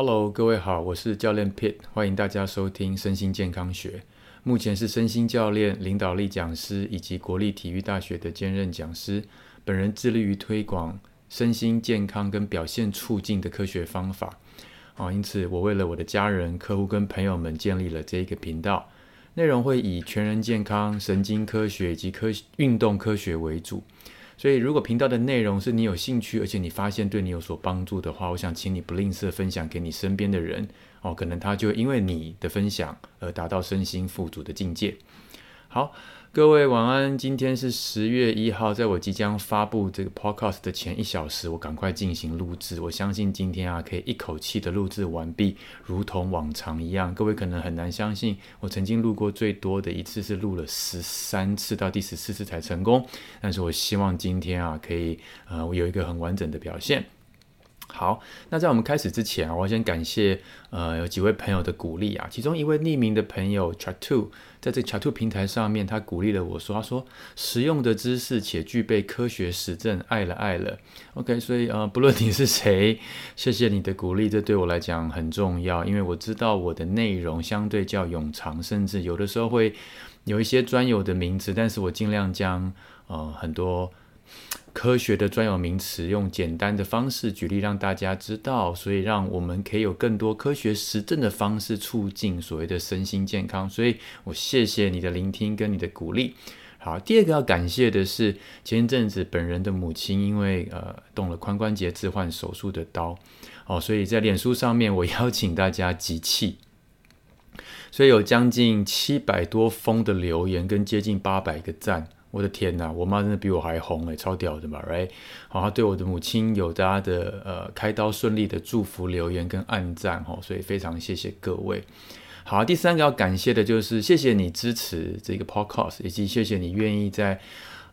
Hello，各位好，我是教練 Pitt，歡迎大家收聽身心健康學。目前是身心教練、領導力講師以及國立體育大學的兼任講師。本人致力於推廣身心健康跟表現促進的科學方法。哦，因此我為了我的家人、客戶跟朋友們建立了這一個頻道，內容會以全人健康、神經科學以及科運動科學為主。所以，如果頻道的內容是你有興趣，而且你發現對你有所幫助的話，我想請你不吝嗇分享給你身邊的人哦，可能他就因為你的分享而達到身心富足的境界。好，各位晚安。今天是十月一號，在我即將發佈這個 podcast 的前一小時，我趕快進行錄製。我相信今天啊，可以一口氣的錄製完畢，如同往常一樣。各位可能很難相信，我曾經錄過最多的一次是錄了十三次到第十四次才成功。但是我希望今天啊，可以呃，我有一個很完整的表現。好，那在我們開始之前啊，我要先感謝呃有幾位朋友的鼓勵啊，其中一位匿名的朋友 Chat Two，在這 Chat Two 平台上面，他鼓勵了我說，他說實用的知識且具備科學實證，愛了愛了。OK，所以啊，呃，不論你是誰，謝謝你的鼓勵，這對我來講很重要，因為我知道我的內容相對較冗長，甚至有的時候會有一些專有的名詞，但是我盡量將呃很多科學的專有名詞，用簡單的方式舉例讓大家知道，所以讓我們可以有更多科學實證的方式促進所謂的身心健康。所以我謝謝你的聆聽跟你的鼓勵。好，第二個要感謝的是前一陣子本人的母親，因為呃動了髖關節置換手術的刀，哦，所以在臉書上面我邀請大家集氣，所以有將近七百多封的留言跟接近八百個讚。我的天吶，我媽真的比我還紅、欸、超屌的嘛，right？好，對我的母親有大家的呃開刀順利的祝福留言跟按讚哈、哦，所以非常謝謝各位。好，第三個要感謝的就是謝謝你支持這個 podcast，以及謝謝你願意在。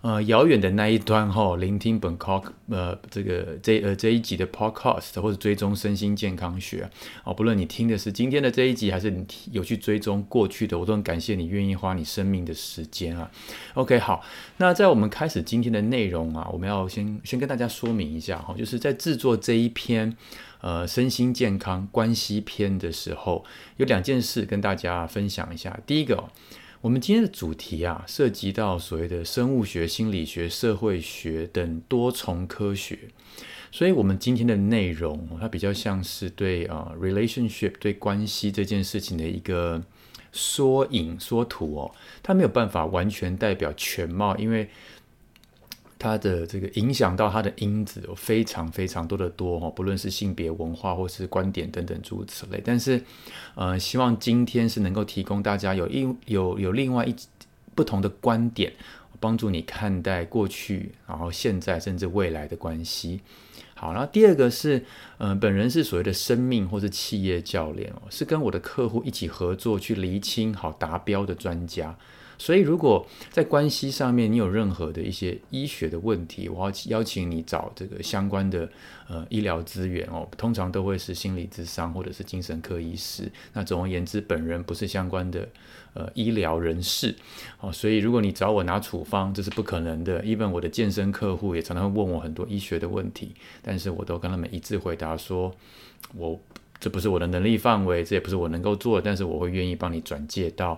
呃，遙遠的那一端哈，聆聽本考呃這個這呃這一集的 Podcast 或者追蹤身心健康學哦，不論你聽的是今天的這一集還是你有去追蹤過去的，我都很感謝你願意花你生命的時間啊。OK，好，那在我們開始今天的內容啊，我們要先先跟大家說明一下哈、哦，就是在製作這一篇呃身心健康關係篇的時候，有兩件事跟大家分享一下，第一個、哦。我們今天的主題啊，涉及到所謂的生物學、心理學、社會學等多重科學，所以，我們今天的內容，它比較像是對啊、uh, relationship 對關係這件事情的一個縮影縮圖哦，它沒有辦法完全代表全貌，因為。它的這個影響到它的因子有非常非常多的多哈，不論是性別、文化或是觀點等等諸如此類。但是，呃，希望今天是能夠提供大家有另有有另外一不同的觀點，幫助你看待過去、然後現在甚至未來的關係。好，然後第二個是，嗯、呃，本人是所謂的生命或是企業教練哦，是跟我的客戶一起合作去釐清好達標的專家。所以，如果在關係上面你有任何的一些醫學的問題，我要邀請你找這個相關的呃醫療資源哦，通常都會是心理諮商或者是精神科醫師。那總而言之，本人不是相關的呃醫療人士哦，所以如果你找我拿處方，這是不可能的。Even 我的健身客戶也常常會問我很多醫學的問題，但是我都跟他們一致回答說，我這不是我的能力範圍，這也不是我能夠做，但是我會願意幫你轉介到。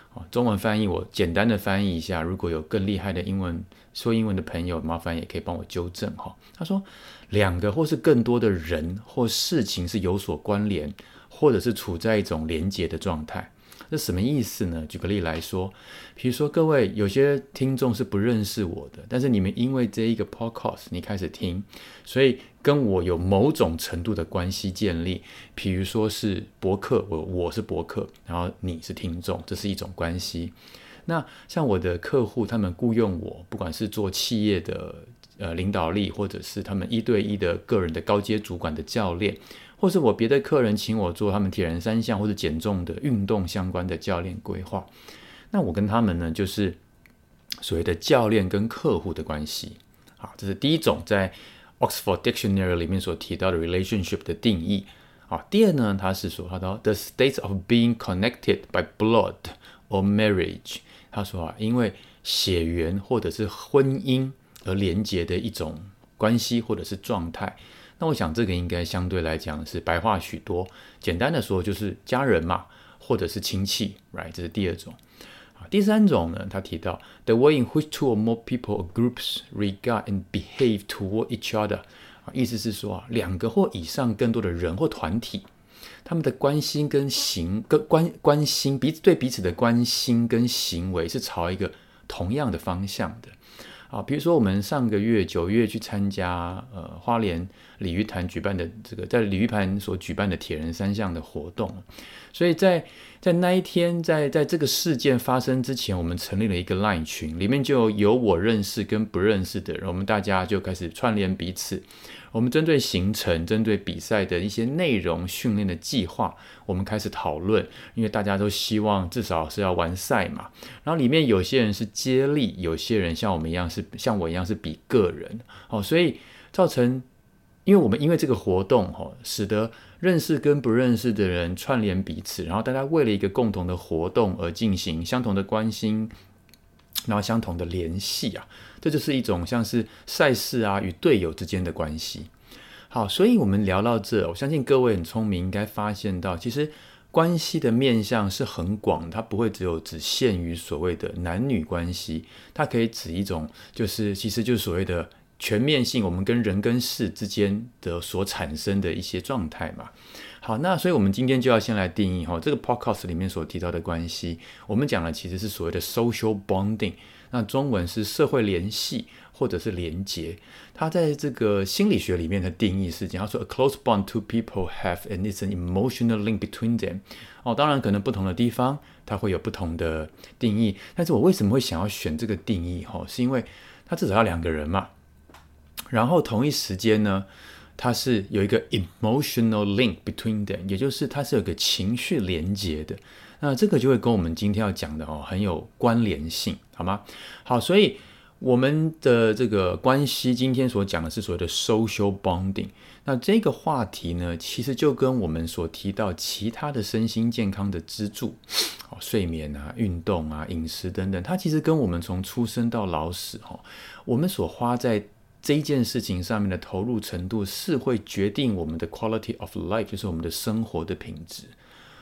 中文翻譯我簡單的翻譯一下，如果有更厲害的英文說英文的朋友，麻煩也可以幫我糾正哈。他說，兩個或是更多的人或事情是有所關聯，或者是處在一種連結的狀態。那什麼意思呢？舉個例來說，比如說各位有些聽眾是不認識我的，但是你們因為這一個 podcast 你開始聽，所以。跟我有某種程度的關係建立，比如說是博客，我我是博客，然後你是聽眾，這是一種關係。那像我的客戶，他們僱傭我，不管是做企業的呃領導力，或者是他們一對一的個人的高階主管的教練，或是我別的客人請我做他們鐵人三項或者減重的運動相關的教練規劃，那我跟他們呢，就是所謂的教練跟客戶的關係。好，這是第一種在。Oxford Dictionary 裡面所提到的 relationship 的定義，啊，第二呢，他是說他的 the state of being connected by blood or marriage。他說啊，因為血緣或者是婚姻而連接的一種關係或者是狀態。那我想這個應該相對來講是白話許多，簡單的說就是家人嘛，或者是親戚，right？這是第二種。第三種呢，他提到 the way in which two or more people or groups regard and behave toward each other，意思是說啊，兩個或以上更多的人或團體，他們的關心跟行跟關關心彼此對彼此的關心跟行為是朝一個同樣的方向的，啊，比如說我們上個月九月去參加呃花蓮。鯉魚潭舉辦的這個，在鯉魚潭所舉辦的鐵人三項的活動，所以在在那一天，在在這個事件發生之前，我們成立了一個 Line 群，裡面就有我認識跟不認識的人，我們大家就開始串聯彼此。我們針對行程、針對比賽的一些內容、訓練的計劃，我們開始討論，因為大家都希望至少是要完賽嘛。然後裡面有些人是接力，有些人像我們一樣是像我一樣是比個人哦，所以造成。因為我們因為這個活動使得認識跟不認識的人串聯彼此，然後大家為了一個共同的活動而進行相同的關心，然後相同的聯繫啊，這就是一種像是賽事啊與隊友之間的關係。好，所以我們聊到這，我相信各位很聰明，應該發現到其實關係的面向是很廣，它不會只有只限於所謂的男女關係，它可以指一種就是其實就是所謂的。全面性，我們跟人跟事之間的所產生的一些狀態嘛。好，那所以我們今天就要先來定義哈、哦，這個 podcast 裡面所提到的關係，我們講的其實是所謂的 social bonding，那中文是社會聯繫或者是連接。它在這個心理學裡面的定義是講說 a close bond two people have and it's an emotional link between them。哦，當然可能不同的地方它會有不同的定義，但是我為什麼會想要選這個定義哈、哦，是因為它至少要兩個人嘛。然後同一時間呢，它是有一個 emotional link between them，也就是它是有個情緒連接的。那這個就會跟我們今天要講的哦，很有關聯性，好嗎？好，所以我們的這個關係今天所講的是所謂的 social bonding。那這個話題呢，其實就跟我們所提到其他的身心健康的支柱，哦，睡眠啊、運動啊、飲食等等，它其實跟我們從出生到老死哦，我們所花在這一件事情上面的投入程度是會決定我們的 quality of life，就是我們的生活的品質。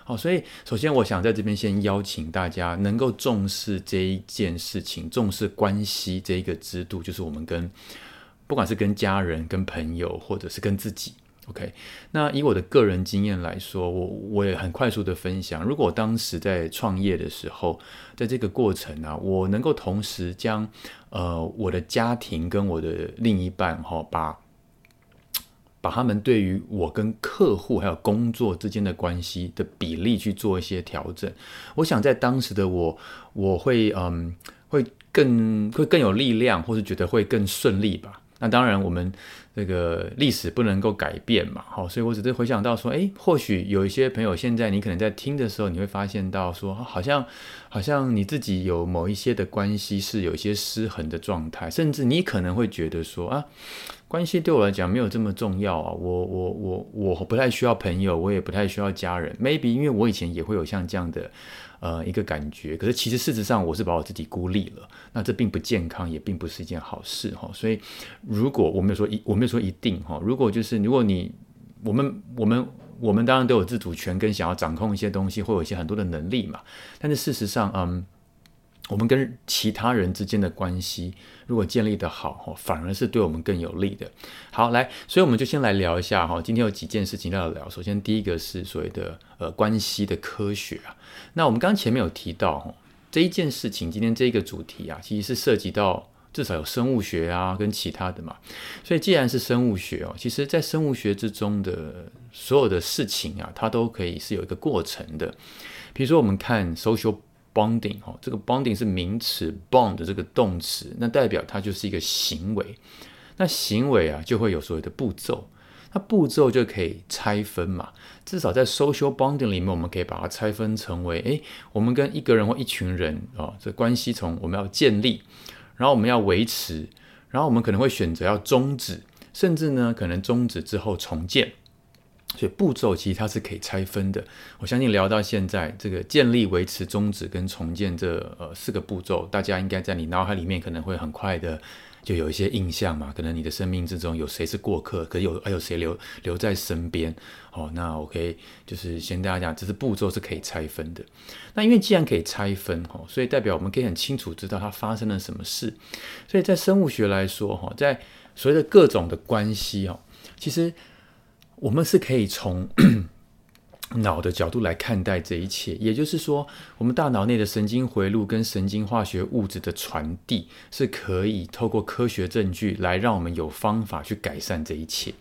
好，所以首先我想在這邊先邀請大家能夠重視這一件事情，重視關係這一個制度，就是我們跟不管是跟家人、跟朋友，或者是跟自己。OK，那以我的個人經驗來說，我我也很快速的分享，如果我當時在創業的時候，在這個過程呢、啊，我能夠同時將呃，我的家庭跟我的另一半，哦，把把他們對於我跟客戶還有工作之間的關係的比例去做一些調整。我想在當時的我，我會嗯，會更會更有力量，或是覺得會更順利吧。那當然，我們。這個歷史不能夠改變嘛，好，所以我只是回想到說，誒，或許有一些朋友現在你可能在聽的時候，你會發現到說，好像好像你自己有某一些的關係是有一些失衡的狀態，甚至你可能會覺得說啊，關係對我來講沒有這麼重要啊，我我我我不太需要朋友，我也不太需要家人，maybe，因為我以前也會有像這樣的。呃，一個感覺，可是其實事實上，我是把我自己孤立了，那這並不健康，也並不是一件好事哈、哦。所以，如果我沒有說一，我沒有說一定哈、哦，如果就是如果你，我們我們我們當然都有自主權，跟想要掌控一些東西，會有一些很多的能力嘛。但是事實上，嗯。我們跟其他人之間的關係，如果建立的好，反而是對我們更有利的。好，來，所以我們就先來聊一下，哈，今天有幾件事情要聊。首先，第一個是所謂的呃關係的科學啊。那我們剛前面有提到，這一件事情，今天這個主題啊，其實是涉及到至少有生物學啊跟其他的嘛。所以，既然是生物學哦，其實在生物學之中的所有的事情啊，它都可以是有一個過程的。比如說，我們看 social。Bonding 哦，這個 bonding 是名詞，bond 的這個動詞，那代表它就是一個行為。那行為啊，就會有所謂的步驟。那步驟就可以拆分嘛。至少在 social bonding 裡面，我們可以把它拆分成為：誒、欸，我們跟一個人或一群人哦，這關係從我們要建立，然後我們要維持，然後我們可能會選擇要終止，甚至呢，可能終止之後重建。所以步驟其實它是可以拆分的，我相信聊到現在這個建立、維持、終止跟重建這呃四個步驟，大家應該在你腦海裡面可能會很快的就有一些印象嘛。可能你的生命之中有誰是過客，可有還、啊、有誰留留在身邊？哦，那我可以就是先跟大家講，只是步驟是可以拆分的。那因為既然可以拆分哈、哦，所以代表我們可以很清楚知道它發生了什麼事。所以在生物學來說哈、哦，在所謂的各種的關係哦，其實。我們是可以從 腦的角度來看待這一切，也就是說，我們大腦內的神經回路跟神經化學物質的傳遞是可以透過科學證據來讓我們有方法去改善這一切。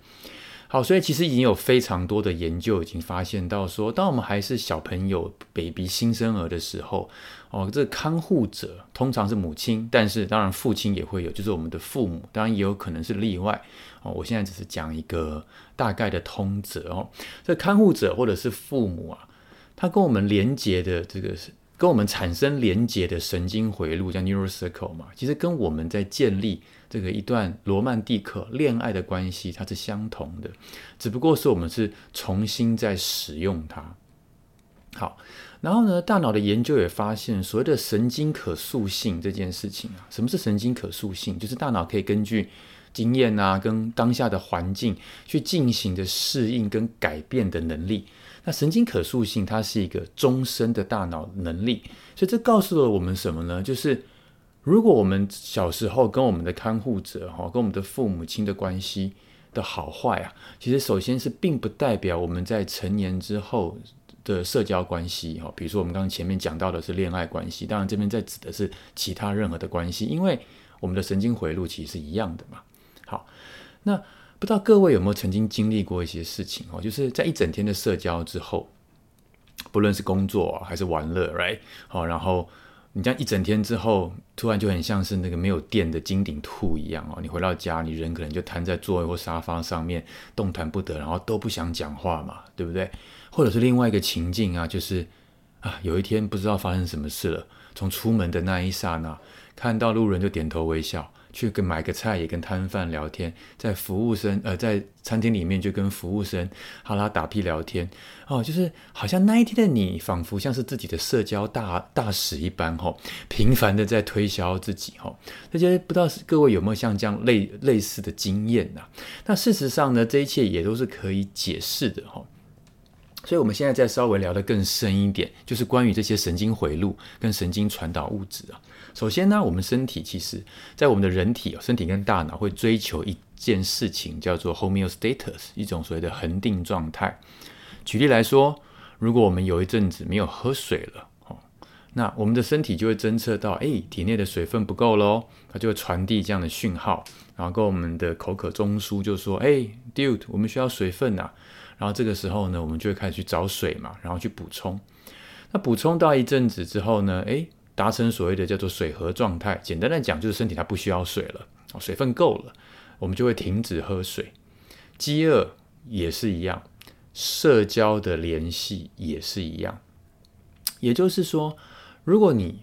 好，所以其實已經有非常多的研究已經發現到說，當我們還是小朋友、baby、新生兒的時候。哦，這看護者通常是母親，但是當然父親也會有，就是我們的父母，當然也有可能是例外。哦，我現在只是講一個大概的通則哦。這看護者或者是父母啊，他跟我們連接的這個，跟我們產生連接的神經回路叫 neurocircle 嘛，其實跟我們在建立這個一段羅曼蒂克戀愛的關係，它是相同的，只不過是我們是重新在使用它。好。然後呢，大腦的研究也發現，所謂的神經可塑性這件事情啊，什麼是神經可塑性？就是大腦可以根據經驗啊，跟當下的環境去進行的適應跟改變的能力。那神經可塑性，它是一個終身的大腦能力。所以這告訴了我們什麼呢？就是如果我們小時候跟我們的看護者哈，跟我們的父母親的關係的好壞啊，其實首先是並不代表我們在成年之後的社交關係比如說我們剛剛前面講到的是戀愛關係，當然這邊在指的是其他任何的關係，因為我們的神經回路其實是一樣的嘛。好，那不知道各位有沒有曾經經歷過一些事情哦？就是在一整天的社交之後，不論是工作還是玩樂，right？好，然後你這樣一整天之後，突然就很像是那個沒有電的金頂兔一樣哦。你回到家，你人可能就癱在座位或沙發上面，動彈不得，然後都不想講話嘛，對不對？或者是另外一個情境啊，就是啊，有一天不知道發生什麼事了，從出門的那一剎那看到路人就點頭微笑，去跟買個菜也跟攤販聊天，在服務生呃在餐廳裡面就跟服務生哈拉打屁聊天哦，就是好像那一天的你，仿佛像是自己的社交大大使一般吼、哦，頻繁的在推銷自己吼、哦。大家不知道各位有沒有像這樣類類似的經驗啊，那事實上呢，這一切也都是可以解釋的哈、哦。所以，我們現在再稍微聊得更深一點，就是關於這些神經回路跟神經傳導物質啊。首先呢，我們身體其實，在我們的人體、身體跟大腦會追求一件事情，叫做 homeostasis，一種所謂的恆定狀態。舉例來說，如果我們有一陣子沒有喝水了，哦，那我們的身體就會偵測到，哎，體內的水分不夠嘍，它就會傳遞這樣的訊號，然後跟我們的口渴中樞就說，哎，dude，我們需要水分啊。然後這個時候呢，我們就會開始去找水嘛，然後去補充。那補充到一陣子之後呢，誒，達成所謂的叫做水合狀態。簡單來講，就是身體它不需要水了，水分夠了，我們就會停止喝水。飢餓也是一樣，社交的聯繫也是一樣。也就是說，如果你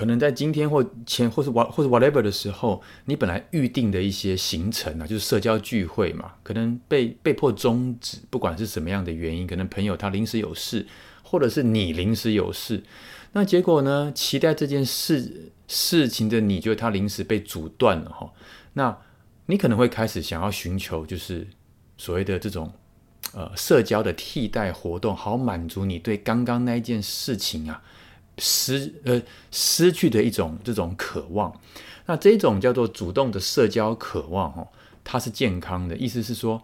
可能在今天或前或是 what 或是 whatever 的時候，你本來預定的一些行程啊，就是社交聚會嘛，可能被被迫終止，不管是什麼樣的原因，可能朋友他臨時有事，或者是你臨時有事，那結果呢，期待這件事事情的你就是他臨時被阻斷了哈、哦，那你可能會開始想要尋求就是所謂的這種呃社交的替代活動，好滿足你對剛剛那一件事情啊。失呃失去的一種這種渴望，那這種叫做主動的社交渴望哦，它是健康的。意思是說，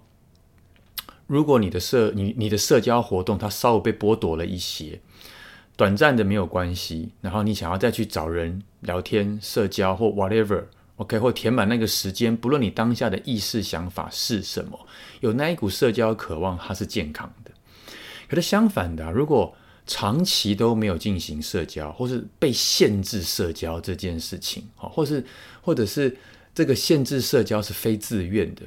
如果你的社你你的社交活動它稍微被剝奪了一些，短暫的沒有關係。然後你想要再去找人聊天、社交或 whatever，OK，或填滿那個時間，不論你當下的意識想法是什麼，有那一股社交渴望，它是健康的。可是相反的啊，如果長期都沒有進行社交，或是被限制社交這件事情，哦，或是或者是這個限制社交是非自願的，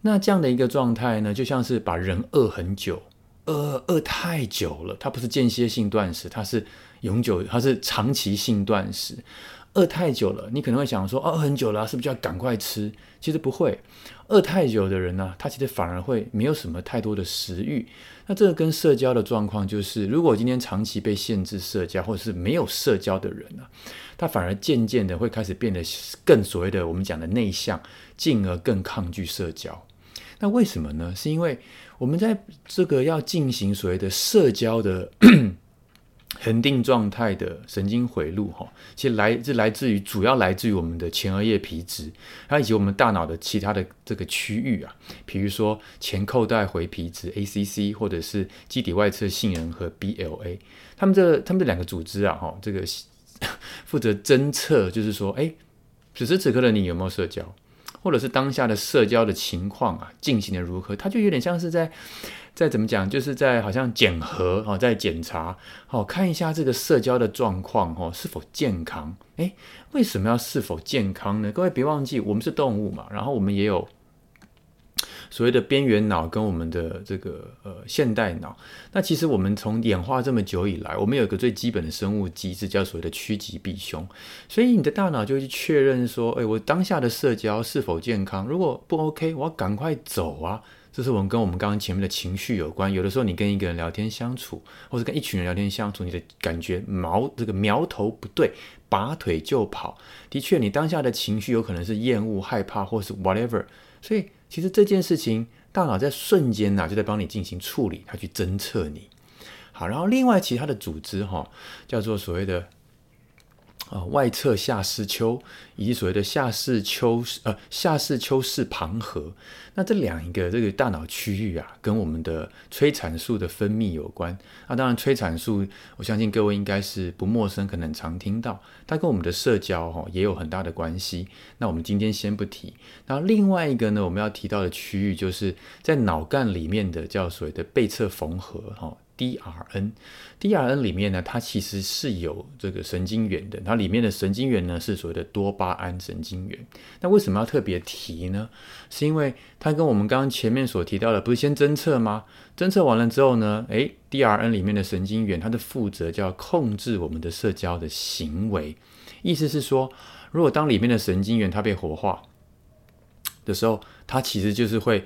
那這樣的一個狀態呢，就像是把人餓很久，餓、呃、餓太久了，它不是間歇性斷食，它是永久，它是長期性斷食，餓太久了，你可能會想說，啊、餓很久了，是不是就要趕快吃？其實不會。餓太久的人呢、啊，他其實反而會沒有什麼太多的食慾。那這個跟社交的狀況就是，如果今天長期被限制社交，或者是沒有社交的人呢、啊，他反而漸漸的會開始變得更所謂的我們講的內向，進而更抗拒社交。那為什麼呢？是因為我們在這個要進行所謂的社交的。 恆定狀態的神經回路哈，其實來是來自於主要來自於我們的前額葉皮質，還有、啊、以及我們大腦的其他的這個區域啊，比如說前扣帶回皮質 （ACC） 或者是基底外側杏仁核 （BLA），他們這他們這兩個組織啊，哈，這個負責偵測，就是說，哎，此時此刻的你有沒有社交？或者是當下的社交的情況啊，進行的如何？它就有點像是在，在怎麼講，就是在好像檢核哦，在檢查哦，看一下這個社交的狀況哦，是否健康。誒，為什麼要是否健康呢？各位別忘記，我們是動物嘛，然後我們也有。所謂的邊緣腦跟我們的這個呃現代腦，那其實我們從演化這麼久以來，我們有一個最基本的生物機制，叫所謂的趨吉避凶。所以你的大腦就會去確認說，哎、欸，我當下的社交是否健康？如果不 OK，我要趕快走啊！這是我們跟我們剛剛前面的情緒有關。有的時候你跟一個人聊天相處，或是跟一群人聊天相處，你的感覺苗這個苗頭不對，拔腿就跑。的確，你當下的情緒有可能是厭惡、害怕，或是 whatever。所以其實這件事情，大腦在瞬間吶，就在幫你進行處理，它去偵測你。好，然後另外其他的組織哈，叫做所謂的。啊，外側下視丘以及所謂的下視丘呃、下視丘室旁核，那這兩一個這個大腦區域啊，跟我們的催產素的分泌有關。那當然催產素，我相信各位應該是不陌生，可能常聽到，它跟我們的社交哈也有很大的關係。那我們今天先不提。那另外一個呢，我們要提到的區域就是在腦幹裡面的叫所謂的背側縫合哈。DRN，DRN 裡面呢，它其實是有這個神經元的，它裡面的神經元呢是所謂的多巴胺神經元。那為什麼要特別提呢？是因為它跟我們剛剛前面所提到的，不是先偵測嗎？偵測完了之後呢，誒，DRN 裡面的神經元，它的負責叫控制我們的社交的行為。意思是說，如果當裡面的神經元它被活化的時候，它其實就是會。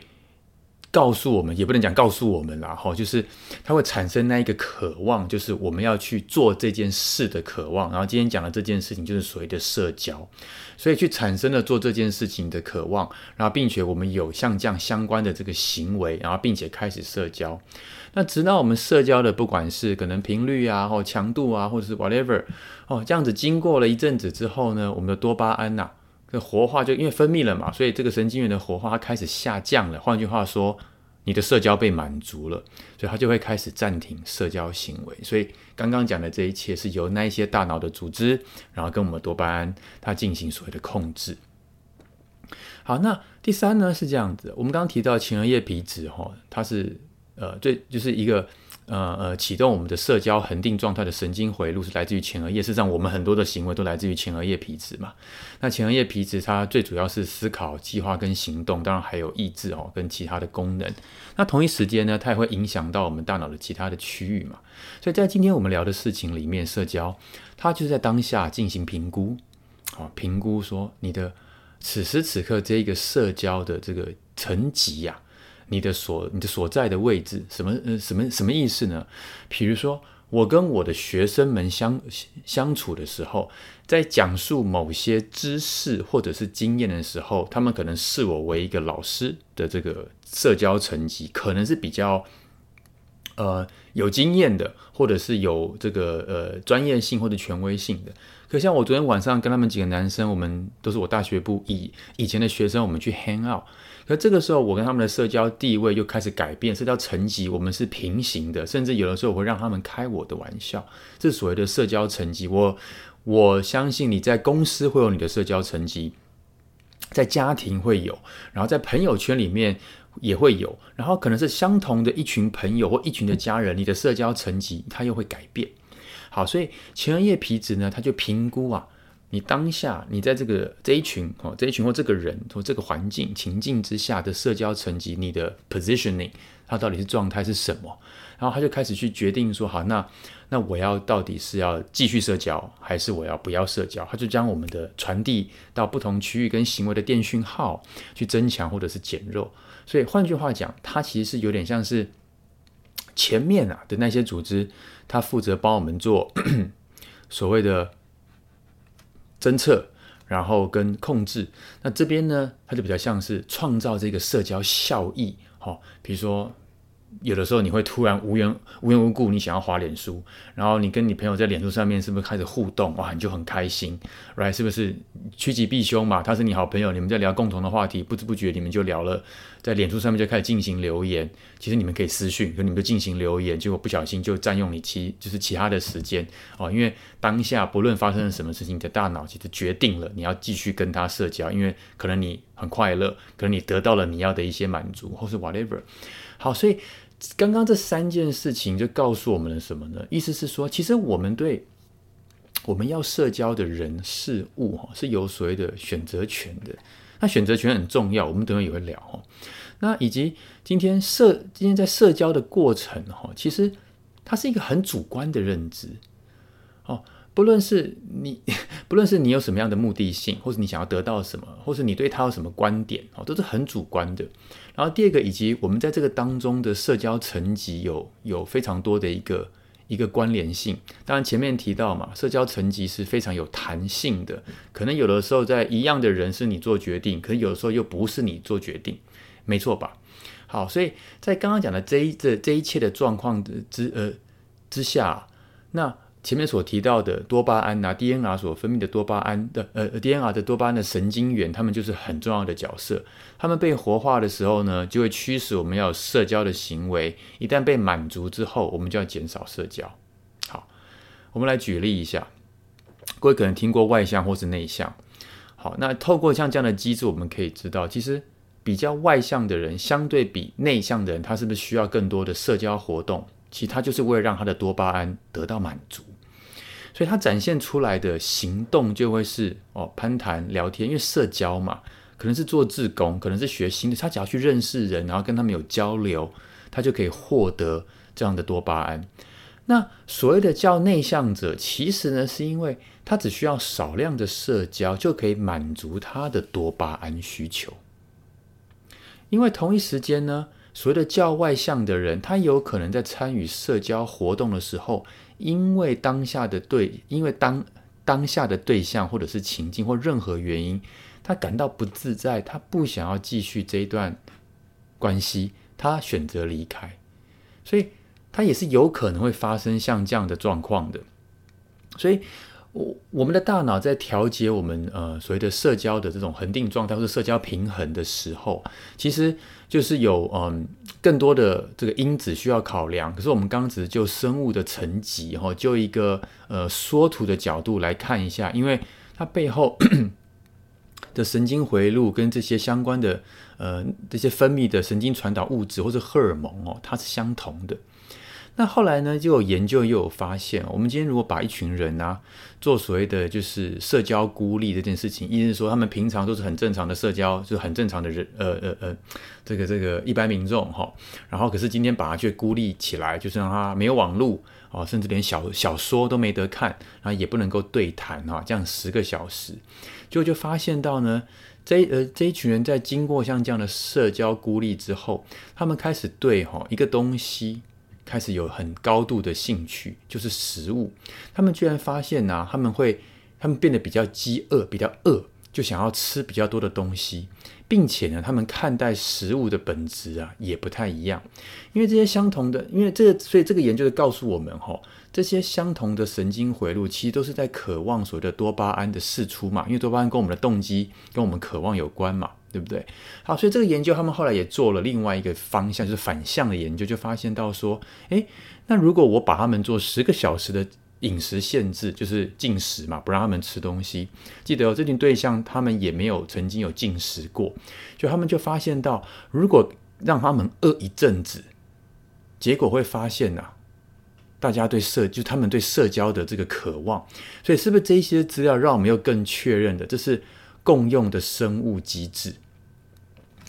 告訴我們，也不能講告訴我們啦哈、哦，就是它會產生那一個渴望，就是我們要去做這件事的渴望。然後今天講的這件事情就是所謂的社交，所以去產生了做這件事情的渴望，然後並且我們有像這樣相關的這個行為，然後並且開始社交。那直到我們社交的不管是可能頻率啊、哦、強度啊，或者是 whatever，哦，這樣子經過了一陣子之後呢，我們的多巴胺吶、啊。活化，就因為分泌了嘛，所以這個神經元的活化，它開始下降了。換句話說，你的社交被滿足了，所以它就會開始暫停社交行為。所以剛剛講的這一切是由那一些大腦的組織，然後跟我們多巴胺它進行所謂的控制。好，那第三呢是這樣子，我們剛剛提到前額葉皮質，它是呃最就，就是一個。呃呃，啟動我們的社交恆定狀態的神經回路是來自於前額葉，事實上我們很多的行為都來自於前額葉皮質嘛。那前額葉皮質它最主要是思考、計劃跟行動，當然還有意志哦跟其他的功能。那同一時間呢，它也會影響到我們大腦的其他的區域嘛。所以在今天我們聊的事情裡面，社交它就是在當下進行評估，哦，評估說你的此時此刻這一個社交的這個層級呀、啊。你的所你的所在的位置，什麼呃什麼什麼意思呢？比如說，我跟我的學生們相相處的時候，在講述某些知識或者是經驗的時候，他們可能視我為一個老師的這個社交層級，可能是比較呃有經驗的，或者是有這個呃專業性或者權威性的。可像我昨天晚上跟他們幾個男生，我們都是我大學部以以前的學生，我們去 hang out。可這個時候，我跟他們的社交地位又開始改變，社交層級我們是平行的，甚至有的時候我會讓他們開我的玩笑，這是所謂的社交層級。我我相信你在公司會有你的社交層級，在家庭會有，然後在朋友圈裡面也會有，然後可能是相同的一群朋友或一群的家人，你的社交層級它又會改變。好，所以前額葉皮質呢，它就評估啊。你當下，你在這個這一群哦，這一群或這個人，或這個環境情境之下的社交層級，你的 positioning，它到底是狀態是什麼？然後他就開始去決定說，好，那那我要到底是要繼續社交，還是我要不要社交？他就將我們的傳遞到不同區域跟行為的電訊號去增強或者是減弱。所以換句話講，它其實是有點像是前面啊的那些組織，它負責幫我們做咳咳所謂的。偵測，然後跟控制，那這邊呢，它就比較像是創造這個社交效益，哈、哦，比如說。有的時候你會突然無緣無緣無故，你想要滑臉書，然後你跟你朋友在臉書上面是不是開始互動哇？你就很開心，來、Right，是不是趨吉避凶嘛？他是你好朋友，你們在聊共同的話題，不知不覺你們就聊了，在臉書上面就開始進行留言。其實你們可以私訊，可你們就進行留言，結果不小心就占用你其就是其他的時間哦。因為當下不論發生了什麼事情，你的大腦其實決定了你要繼續跟他社交，因為可能你很快樂，可能你得到了你要的一些滿足，或是 whatever。好，所以。剛剛這三件事情就告訴我們了什麼呢？意思是說，其實我們對我們要社交的人事物哈，是有所謂的選擇權的。那選擇權很重要，我們等會也會聊哦。那以及今天社今天在社交的過程哈，其實它是一個很主觀的認知哦。不論是你，不論是你有什麼樣的目的性，或是你想要得到什麼，或是你對他有什麼觀點哦，都是很主觀的。然後第二個，以及我們在這個當中的社交層級有有非常多的一個一個關聯性。當然前面提到嘛，社交層級是非常有彈性的，可能有的時候在一樣的人是你做決定，可能有的時候又不是你做決定，沒錯吧？好，所以在剛剛講的這一這這一切的狀況之呃之下，那。前面所提到的多巴胺啊，D N R 所分泌的多巴胺的，呃，D N R 的多巴胺的神經元，它們就是很重要的角色。它們被活化的時候呢，就會驅使我們要有社交的行為。一旦被滿足之後，我們就要減少社交。好，我們來舉例一下，各位可能聽過外向或是內向。好，那透過像這樣的機制，我們可以知道，其實比較外向的人，相對比內向的人，他是不是需要更多的社交活動？其實他就是為了讓他的多巴胺得到滿足。所以，他展現出來的行動就會是哦，攀談、聊天，因為社交嘛，可能是做志工，可能是學新的。他只要去認識人，然後跟他們有交流，他就可以獲得這樣的多巴胺。那所謂的較內向者，其實呢，是因為他只需要少量的社交就可以滿足他的多巴胺需求。因為同一時間呢，所謂的較外向的人，他有可能在參與社交活動的時候，因為當下的對，因為當當下的對象或者是情境或任何原因，他感到不自在，他不想要繼續這一段關係，他選擇離開，所以他也是有可能會發生像這樣的狀況的，所以。我我們的大腦在調節我們呃所謂的社交的這種恆定狀態或者社交平衡的時候，其實就是有嗯、呃、更多的這個因子需要考量。可是我們剛剛只就生物的層級哈、哦，就一個呃縮圖的角度來看一下，因為它背後的神經迴路跟這些相關的呃這些分泌的神經傳導物質或者荷爾蒙哦，它是相同的。那後來呢，就有研究，又有發現。我們今天如果把一群人啊，做所謂的就是社交孤立這件事情，意思是說他們平常都是很正常的社交，就是很正常的人，呃呃呃，這個這個一般民眾哈、哦。然後可是今天把他卻孤立起來，就是讓他沒有網路哦，甚至連小小說都沒得看，然後也不能夠對談哈、哦，這樣十個小時，就就發現到呢，這呃這一群人在經過像這樣的社交孤立之後，他們開始對哈、哦、一個東西。開始有很高度的興趣，就是食物。他們居然發現啊，他們會，他們變得比較飢餓，比較餓，就想要吃比較多的東西，並且呢，他們看待食物的本質啊，也不太一樣。因為這些相同的，因為這個，所以這個研究的告訴我們吼，這些相同的神經回路其實都是在渴望所謂的多巴胺的釋出嘛，因為多巴胺跟我們的動機跟我們渴望有關嘛。對不對？好，所以這個研究，他們後來也做了另外一個方向，就是反向的研究，就發現到說，誒，那如果我把他們做十個小時的飲食限制，就是禁食嘛，不讓他們吃東西。記得哦，這群對象他們也沒有曾經有禁食過，就他們就發現到，如果讓他們餓一陣子，結果會發現吶、啊，大家對社就他們對社交的這個渴望，所以是不是這些資料讓我們有更確認的，這是共用的生物機制？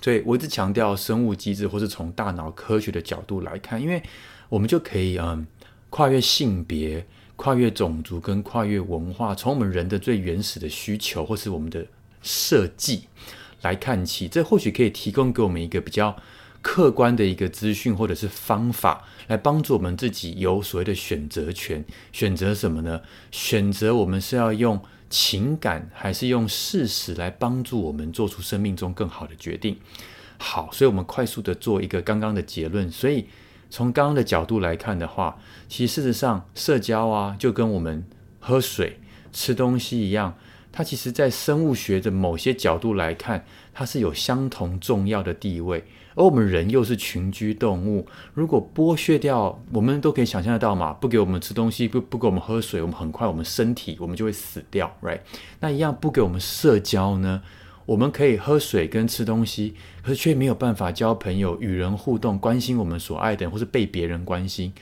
所以我一直強調生物機制，或是從大腦科學的角度來看，因為我們就可以嗯跨越性別、跨越種族跟跨越文化，從我們人的最原始的需求或是我們的設計來看起，這或許可以提供給我們一個比較客觀的一個資訊，或者是方法來幫助我們自己有所謂的選擇權。選擇什麼呢？選擇我們是要用。情感還是用事實來幫助我們做出生命中更好的決定。好，所以我們快速的做一個剛剛的結論。所以從剛剛的角度來看的話，其實事實上社交啊，就跟我們喝水、吃東西一樣，它其實在生物學的某些角度來看，它是有相同重要的地位。而我們人又是群居動物，如果剝削掉，我們都可以想象得到嘛，不給我們吃東西，不不給我們喝水，我們很快我們身體我們就會死掉，right？那一樣不給我們社交呢？我們可以喝水跟吃東西，可是卻沒有辦法交朋友、與人互動、關心我們所愛的人，或是被別人關心，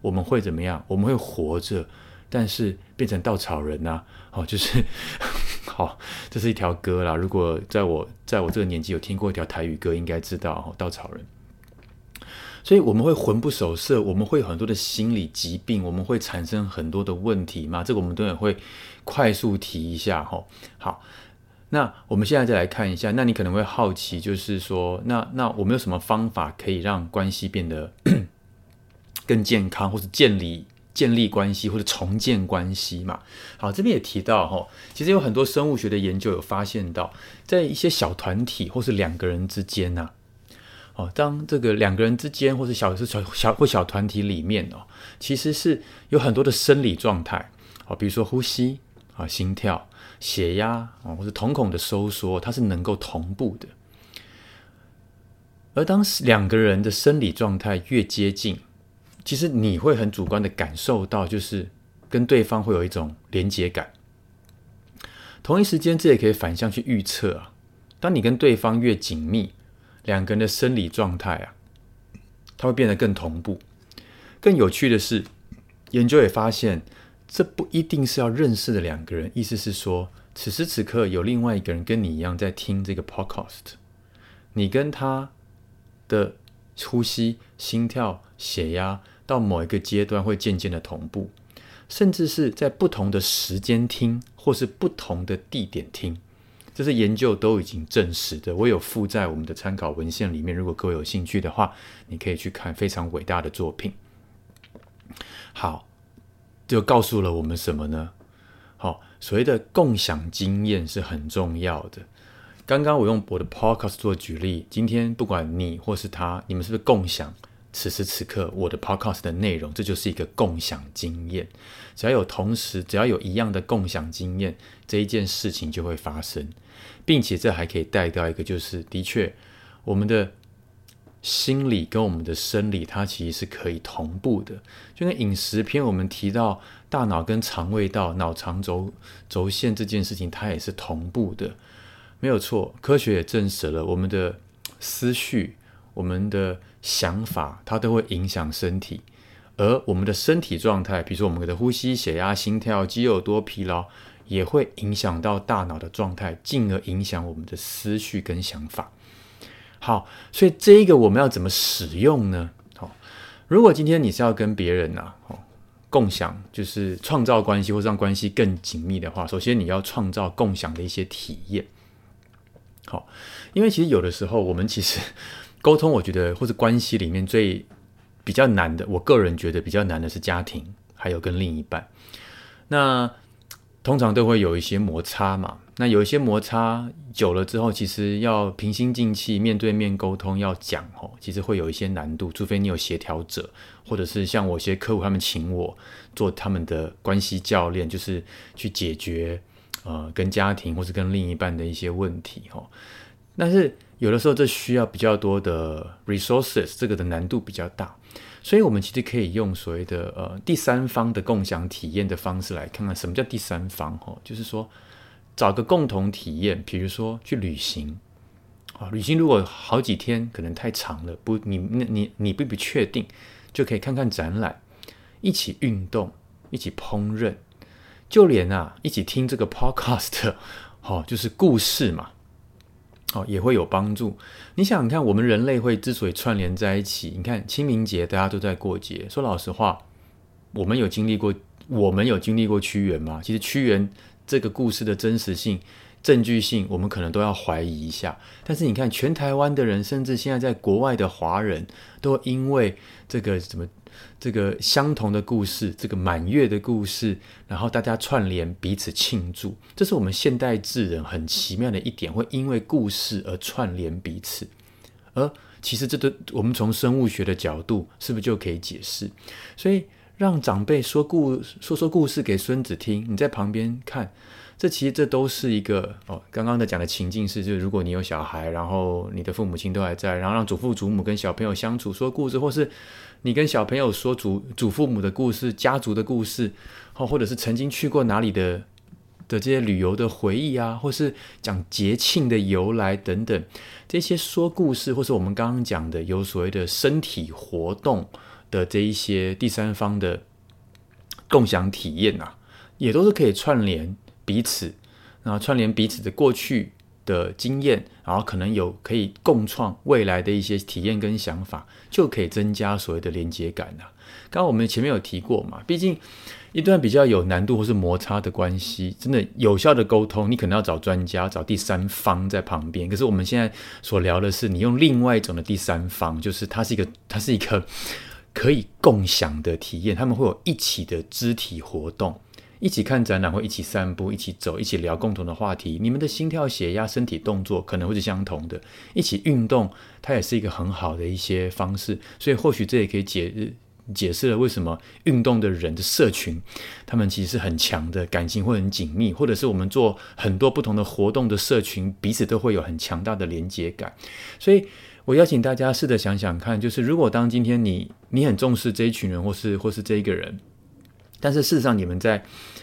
我們會怎麼樣？我們會活着，但是變成稻草人吶、啊。哦，就是呵呵，好，這是一條歌啦。如果在我在我這個年紀有聽過一條台語歌，應該知道哦，《稻草人》。所以我們會魂不守舍，我們會有很多的心理疾病，我們會產生很多的問題嘛。這個我們都有會快速提一下哦，好，那我們現在再來看一下，那你可能會好奇，就是說，那那我們有什麼方法可以讓關係變得更健康或者建立？建立關係或者重建關係嘛。好，這邊也提到哈，其實有很多生物學的研究有發現到，在一些小團體或是兩個人之間吶，哦，當這個兩個人之間或是小或是小小或小團體裡面哦，其實是有很多的生理狀態，哦，比如說呼吸啊、心跳、血壓啊，或是瞳孔的收縮，它是能夠同步的。而當兩個人的生理狀態越接近，其實你會很主觀的感受到，就是跟對方會有一種連接感。同一時間，這也可以反向去預測啊。當你跟對方越緊密，兩個人的生理狀態啊，它會變得更同步。更有趣的是，研究也發現，這不一定是要認識的兩個人。意思是說，此時此刻有另外一個人跟你一樣在聽這個 podcast，你跟他的呼吸、心跳、血壓。到某一個階段會漸漸的同步，甚至是在不同的時間聽或是不同的地點聽，這是研究都已經證實的。我有附在我們的參考文獻裡面，如果各位有興趣的話，你可以去看非常偉大的作品。好，就告訴了我們什麼呢？好，所謂的共享經驗是很重要的。剛剛我用我的 Podcast 做舉例，今天不管你或是他，你們是不是共享？此時此刻，我的 podcast 的內容，這就是一個共享經驗。只要有同時，只要有一樣的共享經驗，這一件事情就會發生，並且這還可以帶到一個，就是的確，我們的心理跟我們的生理，它其實是可以同步的。就跟飲食篇我們提到，大腦跟腸胃道、腦腸軸軸線這件事情，它也是同步的，沒有錯。科學也證實了，我們的思緒，我們的。想法它都會影響身體，而我們的身體狀態，比如說我們的呼吸、血壓、心跳、肌肉多疲勞，也會影響到大腦的狀態，進而影響我們的思緒跟想法。好，所以這一個我們要怎麼使用呢？好、哦，如果今天你是要跟別人吶、啊哦，共享就是創造關係，或讓關係更緊密的話，首先你要創造共享的一些體驗。好、哦，因為其實有的時候我們其實。溝通，我覺得或是關係裡面最比較難的，我個人覺得比較難的是家庭，還有跟另一半。那通常都會有一些摩擦嘛。那有一些摩擦久了之後，其實要平心靜氣、面對面溝通，要講哦，其實會有一些難度。除非你有協調者，或者是像我一些客戶他們請我做他們的關係教練，就是去解決呃跟家庭或是跟另一半的一些問題哦。但是。有的時候，這需要比較多的 resources，這個的難度比較大，所以我們其實可以用所謂的呃第三方的共享體驗的方式來看看什麼叫第三方哦，就是說找個共同體驗，比如說去旅行，啊、哦，旅行如果好幾天可能太長了，不你你你並不，不確定，就可以看看展覽，一起運動，一起烹飪，就連啊一起聽這個 podcast，哦，就是故事嘛。哦，也會有幫助。你想看，我們人類會之所以串聯在一起，你看清明節大家都在過節。說老實話，我們有經歷過，我們有經歷過屈原嗎？其實屈原這個故事的真實性。證據性，我們可能都要懷疑一下。但是你看，全台灣的人，甚至現在在國外的華人都因為這個什麼這個相同的故事，這個滿月的故事，然後大家串聯彼此慶祝，這是我們現代智人很奇妙的一點，會因為故事而串聯彼此。而其實這都我們從生物學的角度，是不是就可以解釋？所以讓長輩說故說說故事給孫子聽，你在旁邊看。這其實，這都是一個哦，剛剛的講的情境是，就是如果你有小孩，然後你的父母親都還在，然後讓祖父祖母跟小朋友相處，說故事，或是你跟小朋友說祖祖父母的故事、家族的故事，或、哦、或者是曾經去過哪裡的的這些旅遊的回憶啊，或是講節慶的由來等等，這些說故事，或是我們剛剛講的有所謂的身體活動的這一些第三方的共享體驗啊，也都是可以串聯。彼此，然後串聯彼此的過去的經驗，然後可能有可以共創未來的一些體驗跟想法，就可以增加所謂的連接感了。剛剛我們前面有提過嘛，畢竟一段比較有難度或是摩擦的關係，真的有效的溝通，你可能要找專家、找第三方在旁邊。可是我們現在所聊的是，你用另外一種的第三方，就是它是一個，它是一個可以共享的體驗，他們會有一起的肢體活動。一起看展覽會，一起散步，一起走，一起聊共同的話題。你們的心跳、血壓、身體動作可能會是相同的。一起運動，它也是一個很好的一些方式。所以，或許這也可以解解釋了為什麼運動的人的社群，他們其實是很強的感情，會很緊密，或者是我們做很多不同的活動的社群，彼此都會有很強大的連接感。所以我邀請大家試着想想看，就是如果當今天你你很重視這一群人，或是或是這一個人。但是事實上，你們在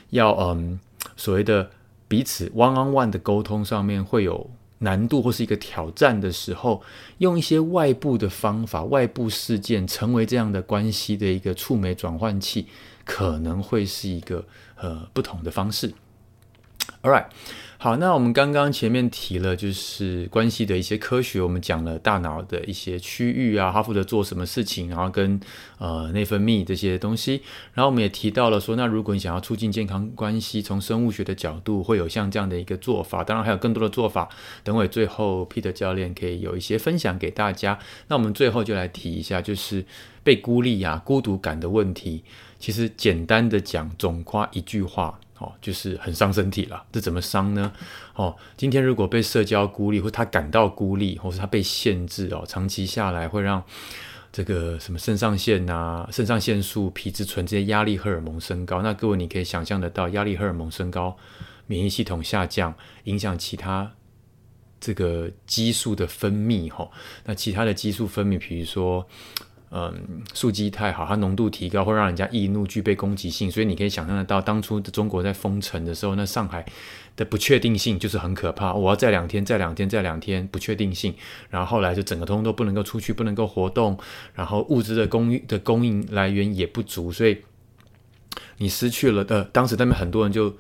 要嗯所謂的彼此 one on one 的溝通上面會有難度或是一個挑戰的時候，用一些外部的方法、外部事件成為這樣的關係的一個觸媒轉換器，可能會是一個呃不同的方式。All right. 好，那我們剛剛前面提了，就是關係的一些科學，我們講了大腦的一些區域啊，它負責做什麼事情，然後跟呃內分泌這些東西，然後我們也提到了說，那如果你想要促進健康關係，從生物學的角度會有像這樣的一個做法，當然還有更多的做法，等會最後 Pitt 教練可以有一些分享給大家。那我們最後就來提一下，就是被孤立啊、孤獨感的問題，其實簡單的講，總括一句話。哦，就是很傷身體了。這怎麼傷呢？哦，今天如果被社交孤立，或他感到孤立，或是他被限制哦，長期下來會讓這個什麼腎上腺啊、腎上腺素、皮質醇這些壓力荷爾蒙升高。那各位你可以想象得到，壓力荷爾蒙升高，免疫系統下降，影響其他這個激素的分泌。哦，那其他的激素分泌，比如說。嗯，數據太好，它濃度提高會讓人家易怒，具備攻擊性。所以你可以想象得到，當初的中國在封城的時候，那上海的不確定性就是很可怕。哦、我要再兩天，再兩天，再兩天，不確定性。然後後來就整個通，通都不能夠出去，不能夠活動，然後物資的供應的供應來源也不足，所以你失去了。呃，當時他們很多人就。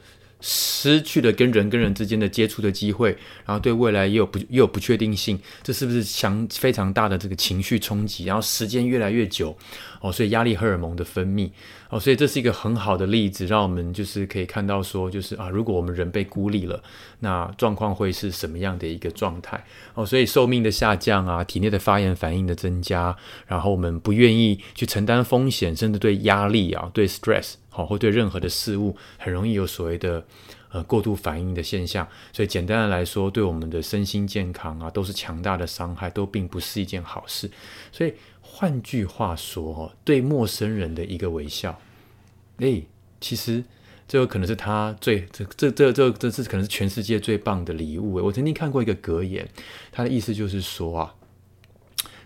失去了跟人跟人之間的接觸的機會，然後對未來也有不也有不確定性，這是不是強非常大的這個情緒衝擊？然後時間越來越久哦，所以壓力荷爾蒙的分泌哦，所以這是一個很好的例子，讓我們就是可以看到說，就是啊，如果我們人被孤立了，那狀況會是什麼樣的一個狀態哦？所以壽命的下降啊，體內的發炎反應的增加，然後我們不願意去承擔風險，甚至對壓力啊，對 stress。好，或對任何的事物很容易有所謂的呃過度反應的現象，所以簡單的來說，對我們的身心健康啊，都是強大的傷害，都並不是一件好事。所以換句話說，哦，對陌生人的一個微笑，哎，其實這有可能是他最這這這這這是可能是全世界最棒的禮物誒。我曾經看過一個格言，他的意思就是說啊，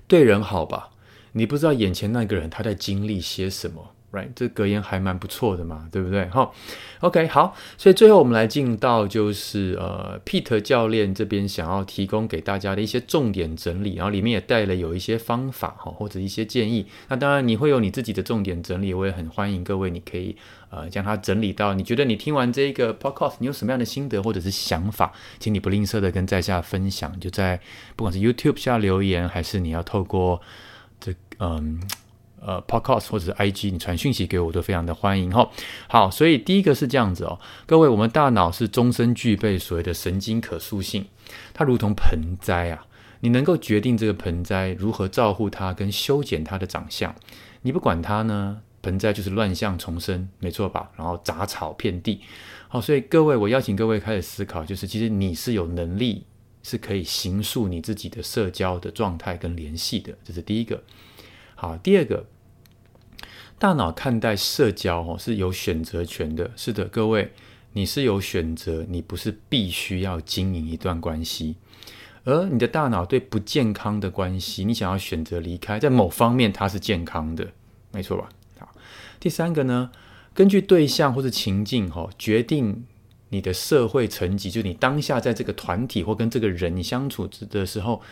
對人好吧，你不知道眼前那個人他在經歷些什麼。Right, 這格言還蠻不錯的嘛，對不對？哈、oh，OK，好，所以最後我們來進到就是呃，Pitt 教練這邊想要提供給大家的一些重點整理，然後裡面也帶了有一些方法哈，或者一些建議。那當然你會有你自己的重點整理，我也很歡迎各位，你可以呃將它整理到你覺得你聽完這一個 Podcast 你有什麼樣的心得或者是想法，請你不吝嗇的跟在下分享，就在不管是 YouTube 下留言，還是你要透過這個、嗯。呃，Podcast 或者是 IG，你傳訊息給我，我都非常的歡迎哈。好，所以第一個是這樣子哦，各位，我們大腦是終身具備所謂的神經可塑性，它如同盆栽啊，你能夠決定這個盆栽如何照顧它跟修剪它的長相。你不管它呢，盆栽就是亂象叢生，沒錯吧？然後雜草遍地。好，所以各位，我邀請各位開始思考，就是其實你是有能力是可以形塑你自己的社交的狀態跟聯繫的，這是第一個。好，第二個，大腦看待社交哦是有選擇權的，是的，各位，你是有選擇，你不是必須要經營一段關係，而你的大腦對不健康的關係，你想要選擇離開，在某方面它是健康的，沒錯吧？好，第三個呢，根據對象或是情境哦，決定你的社會層級，就你當下在這個團體或跟這個人你相處的時候，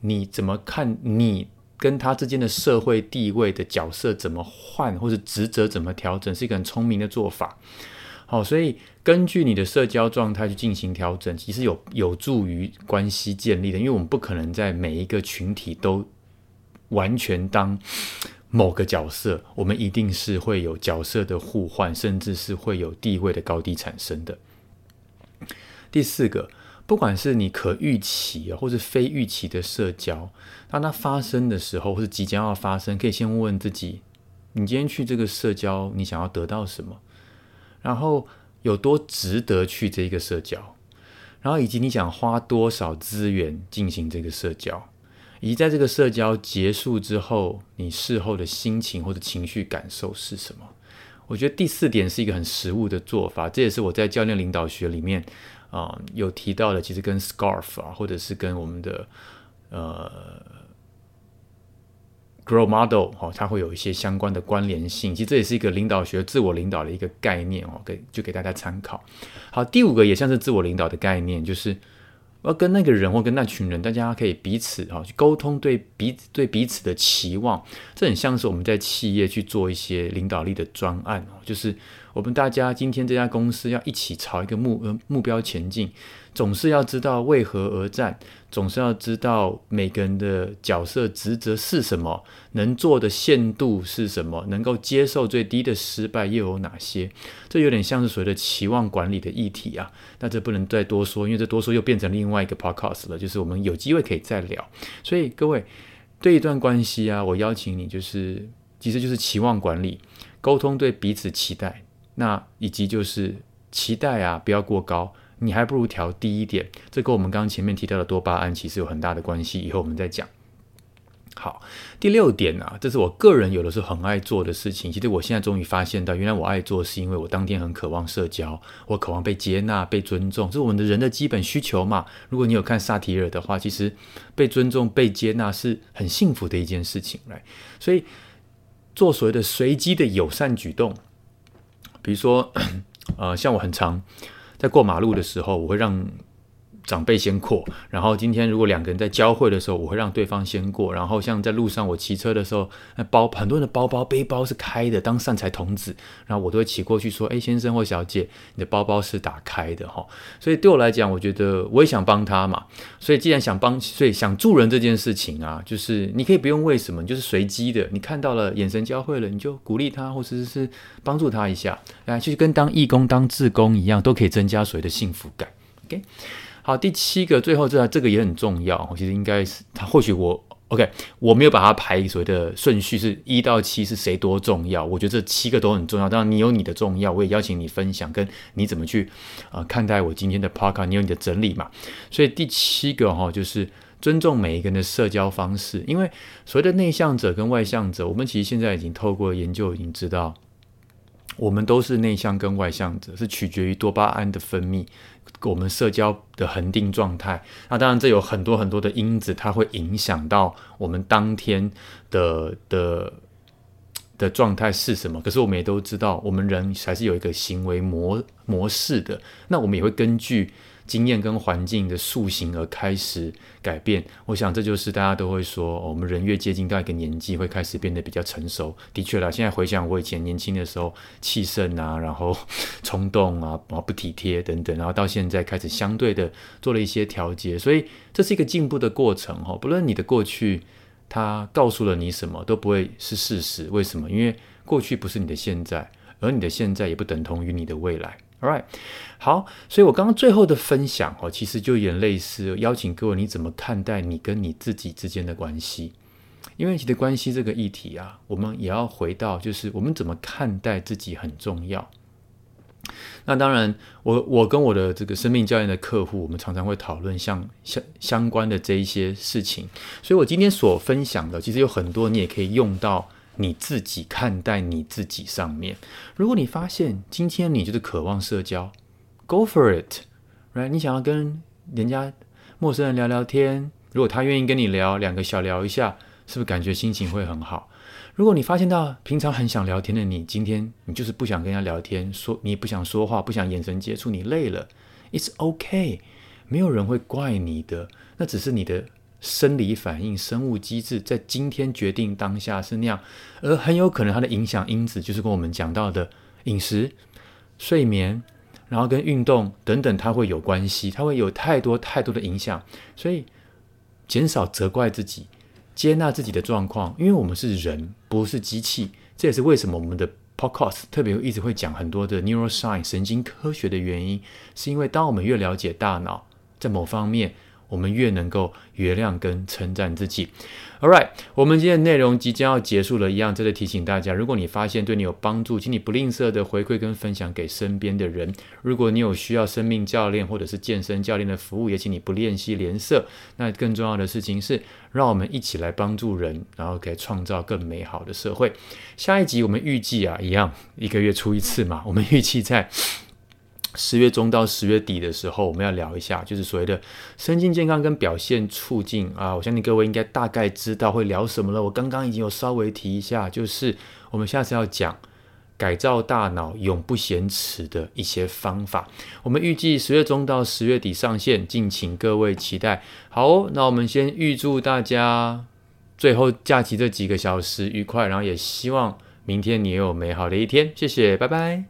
你怎麼看你？跟他之間的社會地位的角色怎麼換，或者職責怎麼調整，是一個很聰明的做法。好，所以根據你的社交狀態去進行調整，其實有有助於關係建立的。因為我們不可能在每一個群體都完全當某個角色，我們一定是會有角色的互換，甚至是會有地位的高低產生的。第四個。不管是你可預期或是非預期的社交，當它發生的時候，或是即將要發生，可以先問自己：你今天去這個社交，你想要得到什麼？然後有多值得去這個社交？然後以及你想花多少資源進行這個社交？以及在這個社交結束之後，你事後的心情或者情緒感受是什麼？我覺得第四點是一個很實務的做法，這也是我在教練領導學裡面。啊、嗯，有提到的其實跟 Scarf 啊，或者是跟我們的呃 Grow Model、哦、它會有一些相關的關聯性。其實這也是一個領導學、自我領導的一個概念哦，給就給大家參考。好，第五個也像是自我領導的概念，就是。要跟那個人或跟那群人，大家可以彼此啊去溝通，對彼此對彼此的期望，這很像是我們在企業去做一些領導力的專案，就是我們大家今天這家公司要一起朝一個目，呃，目標前進。總是要知道為何而戰，總是要知道每個人的角色職責是什麼，能做的限度是什麼，能夠接受最低的失敗又有哪些？這有點像是所謂的期望管理的議題啊。那這不能再多說，因為這多說又變成另外一個 podcast 了，就是我們有機會可以再聊。所以各位對一段關係啊，我邀請你，就是其實就是期望管理、溝通對彼此期待，那以及就是期待啊，不要過高。你還不如調低一點，這跟我們剛剛前面提到的多巴胺其實有很大的關係，以後我們再講。好，第六點啊，這是我個人有的時候很愛做的事情。其實我現在終於發現到，原來我愛做是因為我當天很渴望社交，我渴望被接納、被尊重，這是我們的人的基本需求嘛。如果你有看薩提爾的話，其實被尊重、被接納是很幸福的一件事情來。所以做所謂的隨機的友善舉動，比如說，呃，像我很常。在過馬路的時候，我會讓長輩先過，然後今天如果兩個人在交匯的時候，我會讓對方先過。然後像在路上我騎車的時候，那包很多人的包包、背包是開的，當善財童子，然後我都會騎過去說：“哎，先生或小姐，你的包包是打開的哈，哦。”所以對我來講，我覺得我也想幫他嘛。所以既然想幫，所以想助人這件事情啊，就是你可以不用為什麼，你就是隨機的，你看到了眼神交匯了，你就鼓勵他，或者是幫助他一下，來，就跟當義工、當志工一樣，都可以增加所謂的幸福感。OK。好，第七個，最後這這個也很重要。其實應該是他，或許我，OK，我沒有把它排所謂的順序是一到七是誰多重要。我覺得這七個都很重要。當然你有你的重要，我也邀請你分享跟你怎麼去啊、呃、看待我今天的 podcast。你有你的整理嘛？所以第七個哈、哦，就是尊重每一個人的社交方式。因為所謂的內向者跟外向者，我們其實現在已經透過研究已經知道，我們都是內向跟外向者，是取決於多巴胺的分泌。我們社交的恆定狀態，那當然這有很多很多的因子，它會影響到我們當天的的的狀態是什麼。可是我們也都知道，我們人還是有一個行為模模式的，那我們也會根據。經驗跟環境的塑形而開始改變，我想這就是大家都會說，我們人越接近到一個年紀會開始變得比較成熟。的確啦，現在回想我以前年輕的時候氣盛啊，然後衝動啊，啊不體貼等等，然後到現在開始相對的做了一些調節，所以這是一個進步的過程哈、哦。不論你的過去，它告訴了你什麼都不會是事實。為什麼？因為過去不是你的現在，而你的現在也不等同於你的未來。All right，好，所以我剛剛最後的分享哦，其實就有點類似，邀請各位你怎麼看待你跟你自己之間的關係，因為其實關係這個議題啊，我們也要回到，就是我們怎麼看待自己很重要。那當然，我我跟我的這個生命教練的客戶，我們常常會討論像相相關的這一些事情，所以我今天所分享的，其實有很多你也可以用到。你自己看待你自己上面，如果你發現今天你就是渴望社交，Go for it，right？你想要跟人家陌生人聊聊天，如果他願意跟你聊，兩個小聊一下，是不是感覺心情會很好？如果你發現到平常很想聊天的你，今天你就是不想跟人家聊天，說你也不想說話，不想眼神接觸，你累了，It's okay，沒有人會怪你的，那只是你的。生理反應、生物機制在今天決定當下是那樣，而很有可能它的影響因子就是跟我們講到的飲食、睡眠，然後跟運動等等，它會有關係，它會有太多太多的影響。所以，減少責怪自己，接納自己的狀況，因為我們是人，不是機器。這也是為什麼我們的 Podcast 特別一直會講很多的 Neuroscience 神經科學的原因，是因為當我們越了解大腦，在某方面。我們越能夠原諒跟稱讚自己。All right，我們今天的內容即將要結束了，一樣，真的提醒大家，如果你發現對你有幫助，請你不吝嗇的回饋跟分享給身邊的人。如果你有需要生命教練或者是健身教練的服務，也請你不吝惜聯繫。那更重要的事情是，讓我們一起來幫助人，然後可以創造更美好的社會。下一集我們預計啊，一樣一個月出一次嘛，我們預計在。十月中到十月底的時候，我們要聊一下，就是所謂的身心健康跟表現促進啊。我相信各位應該大概知道會聊什麼了。我剛剛已經有稍微提一下，就是我們下次要講改造大腦永不嫌遲的一些方法。我們預計十月中到十月底上線，敬請各位期待。好哦，那我們先預祝大家最後假期這幾個小時愉快，然後也希望明天你也有美好的一天。謝謝，拜拜。